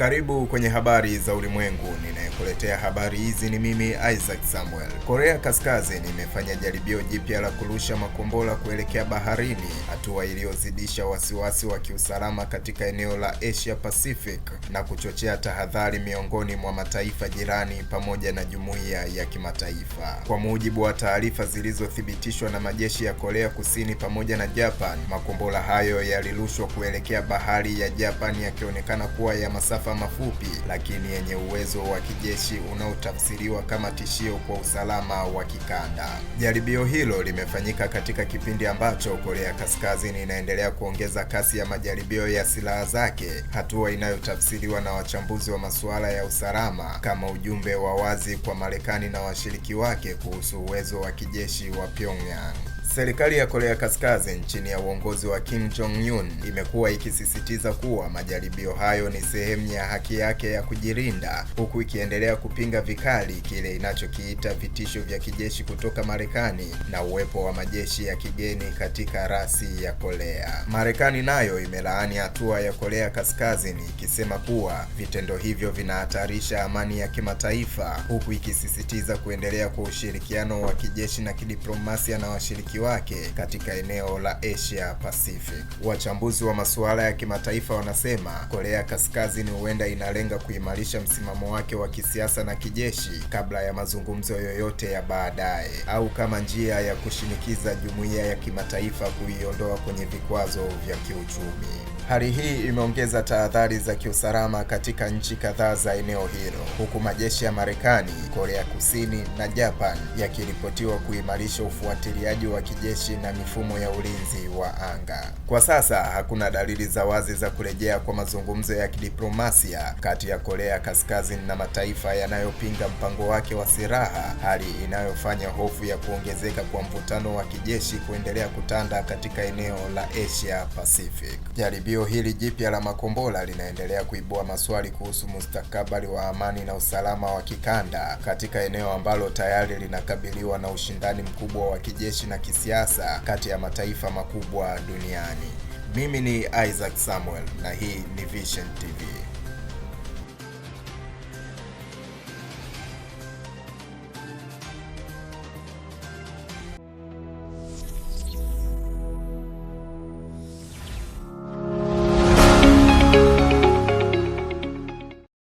Karibu kwenye habari za ulimwengu. Ninayekuletea habari hizi ni mimi Isaac Samuel. Korea Kaskazini imefanya jaribio jipya la kurusha makombora kuelekea baharini, hatua iliyozidisha wasiwasi wa kiusalama katika eneo la Asia Pacific na kuchochea tahadhari miongoni mwa mataifa jirani pamoja na jumuiya ya kimataifa. Kwa mujibu wa taarifa zilizothibitishwa na majeshi ya Korea Kusini pamoja na Japan, makombora hayo yalirushwa kuelekea bahari ya Japan yakionekana kuwa ya masafa masafa mafupi lakini yenye uwezo wa kijeshi unaotafsiriwa kama tishio kwa usalama wa kikanda. Jaribio hilo limefanyika katika kipindi ambacho Korea Kaskazini inaendelea kuongeza kasi ya majaribio ya silaha zake, hatua inayotafsiriwa na wachambuzi wa masuala ya usalama kama ujumbe wa wazi kwa Marekani na washiriki wake kuhusu uwezo wa kijeshi wa Pyongyang. Serikali ya Korea Kaskazini chini ya uongozi wa Kim Jong Un imekuwa ikisisitiza kuwa majaribio hayo ni sehemu ya haki yake ya kujilinda, huku ikiendelea kupinga vikali kile inachokiita vitisho vya kijeshi kutoka Marekani na uwepo wa majeshi ya kigeni katika rasi ya Korea. Marekani nayo imelaani hatua ya Korea Kaskazini ikisema kuwa vitendo hivyo vinahatarisha amani ya kimataifa, huku ikisisitiza kuendelea kwa ushirikiano wa kijeshi na kidiplomasia na washiriki wake katika eneo la Asia Pacific. Wachambuzi wa masuala ya kimataifa wanasema Korea Kaskazini huenda inalenga kuimarisha msimamo wake wa kisiasa na kijeshi kabla ya mazungumzo yoyote ya baadaye au kama njia ya kushinikiza jumuiya ya kimataifa kuiondoa kwenye vikwazo vya kiuchumi. Hali hii imeongeza tahadhari za kiusalama katika nchi kadhaa za eneo hilo, huku majeshi ya Marekani, Korea Kusini na Japan yakiripotiwa kuimarisha ufuatiliaji wa kijeshi na mifumo ya ulinzi wa anga. Kwa sasa hakuna dalili za wazi za kurejea kwa mazungumzo ya kidiplomasia kati ya Korea Kaskazini na mataifa yanayopinga mpango wake wa silaha, hali inayofanya hofu ya kuongezeka kwa mvutano wa kijeshi kuendelea kutanda katika eneo la Asia Pacific. Jaribio Tukio hili jipya la makombora linaendelea kuibua maswali kuhusu mustakabali wa amani na usalama wa kikanda katika eneo ambalo tayari linakabiliwa na ushindani mkubwa wa kijeshi na kisiasa kati ya mataifa makubwa duniani. Mimi ni Isaac Samuel na hii ni Vision TV.